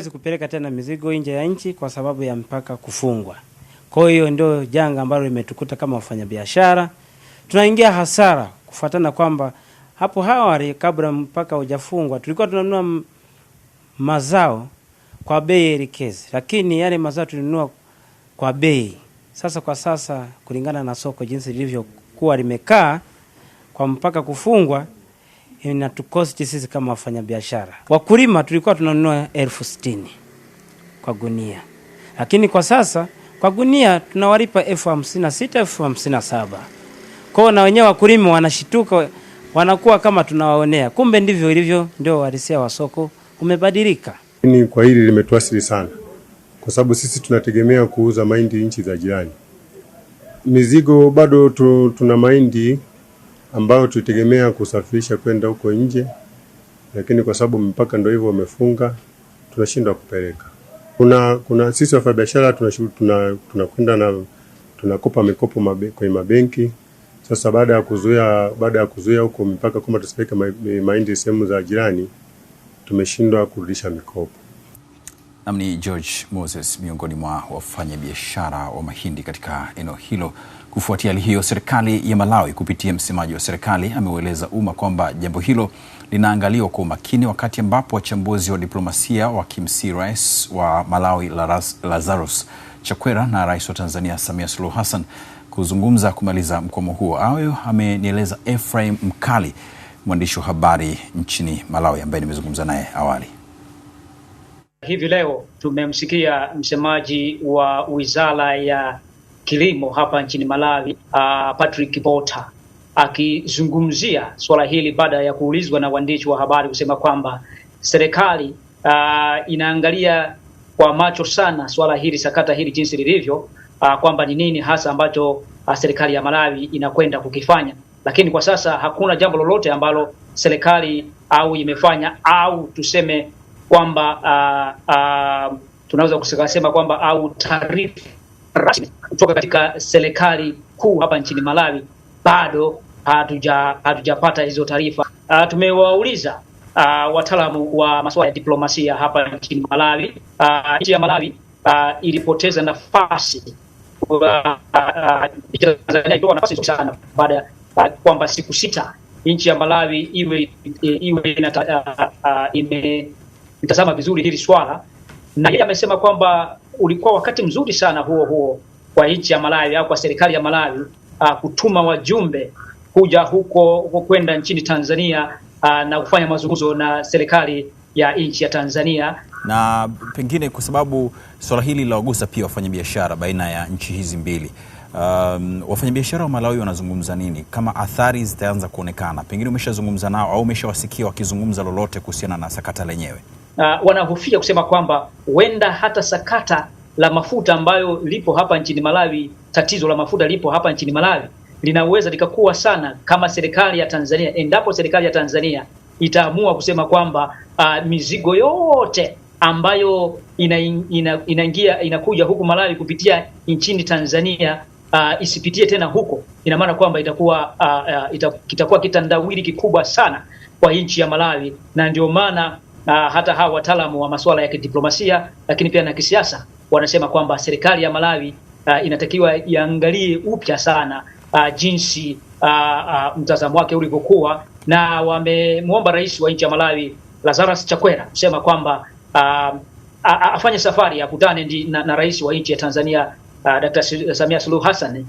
hatuwezi kupeleka tena mizigo nje ya nchi kwa sababu ya mpaka kufungwa. Kwa hiyo ndio janga ambalo limetukuta kama wafanyabiashara, tunaingia hasara kufuatana kwamba hapo awali kabla mpaka hujafungwa tulikuwa tunanunua mazao kwa bei elekezi, lakini yale mazao tulinunua kwa bei sasa. Kwa sasa kulingana na soko jinsi lilivyokuwa limekaa kwa mpaka kufungwa inatukosti sisi kama wafanyabiashara. Wakulima tulikuwa tunanunua elfu sitini kwa gunia, lakini kwa sasa kwa gunia tunawalipa elfu hamsini na sita elfu hamsini na saba kwao, na wenyewe wakulima wanashituka, wanakuwa kama tunawaonea. Kumbe ndivyo ilivyo, ndio walisia wa soko umebadilika. Ni kwa hili limetuasiri sana, kwa sababu sisi tunategemea kuuza mahindi nchi za jirani. Mizigo bado tu, tuna mahindi ambao tulitegemea kusafirisha kwenda huko nje, lakini kwa sababu mipaka ndio hivyo wamefunga, tunashindwa kupeleka. Kuna, kuna sisi wafanyabiashara tunakwenda tuna, tuna na tunakopa mikopo mabe, kwenye mabenki sasa baada ya kuzuia baada ya kuzuia huko mipaka kama tusipeleke mahindi sehemu za jirani, tumeshindwa kurudisha mikopo ni George Moses miongoni mwa wafanyabiashara wa mahindi katika eneo hilo. Kufuatia hali hiyo, serikali ya Malawi kupitia msemaji wa serikali ameueleza umma kwamba jambo hilo linaangaliwa kwa umakini, wakati ambapo wachambuzi wa diplomasia wakimsihi Rais wa Malawi Lazarus Chakwera na Rais wa Tanzania Samia Suluhu Hassan kuzungumza kumaliza mkwamo huo. Hayo amenieleza efraim Mkali, mwandishi wa habari nchini Malawi ambaye nimezungumza naye awali. Hivi leo tumemsikia msemaji wa Wizara ya Kilimo hapa nchini Malawi, uh, Patrick Bota akizungumzia suala hili baada ya kuulizwa na waandishi wa habari kusema kwamba serikali uh, inaangalia kwa macho sana suala hili, sakata hili jinsi lilivyo, uh, kwamba ni nini hasa ambacho uh, serikali ya Malawi inakwenda kukifanya, lakini kwa sasa hakuna jambo lolote ambalo serikali au imefanya au tuseme kwamba uh, uh, tunaweza kusema kwamba au taarifa rasmi kutoka katika serikali kuu hapa nchini Malawi bado hatuja hatujapata hizo taarifa. Uh, tumewauliza uh, wataalamu wa masuala ya diplomasia hapa nchini Malawi. Uh, nchi ya Malawi uh, ilipoteza nafasi uh, uh, nafasi sana baada ya uh, kwamba siku sita nchi ya Malawi iwe iwe ina, uh, uh, ime mtazama vizuri hili swala, na yeye amesema kwamba ulikuwa wakati mzuri sana huo huo kwa nchi ya Malawi au kwa serikali ya Malawi uh, kutuma wajumbe kuja huko huko kwenda nchini Tanzania uh, na kufanya mazungumzo na serikali ya nchi ya Tanzania na pengine kwa sababu swala hili linawagusa pia wafanyabiashara baina ya nchi hizi mbili. Um, wafanyabiashara wa Malawi wanazungumza nini? Kama athari zitaanza kuonekana, pengine umeshazungumza nao au umeshawasikia wakizungumza lolote kuhusiana na sakata lenyewe? uh, wanahofia kusema kwamba huenda hata sakata la mafuta ambayo lipo hapa nchini Malawi, tatizo la mafuta lipo hapa nchini Malawi linaweza likakuwa sana kama serikali ya Tanzania, endapo serikali ya Tanzania itaamua kusema kwamba uh, mizigo yote ambayo inaingia ina, ina inakuja huku Malawi kupitia nchini Tanzania uh, isipitie tena huko, ina maana kwamba itakuwa uh, uh, itakuwa kitandawili kikubwa sana kwa nchi ya Malawi, na ndio maana Uh, hata hawa wataalamu wa masuala ya kidiplomasia lakini pia na kisiasa wanasema kwamba serikali ya Malawi uh, inatakiwa iangalie upya sana uh, jinsi uh, uh, mtazamo wake ulivyokuwa, na wamemwomba rais wa nchi ya Malawi Lazarus Chakwera kusema kwamba uh, afanye safari ya kutane na, na rais wa nchi ya Tanzania uh, Dr. Samia Suluhu Hassan.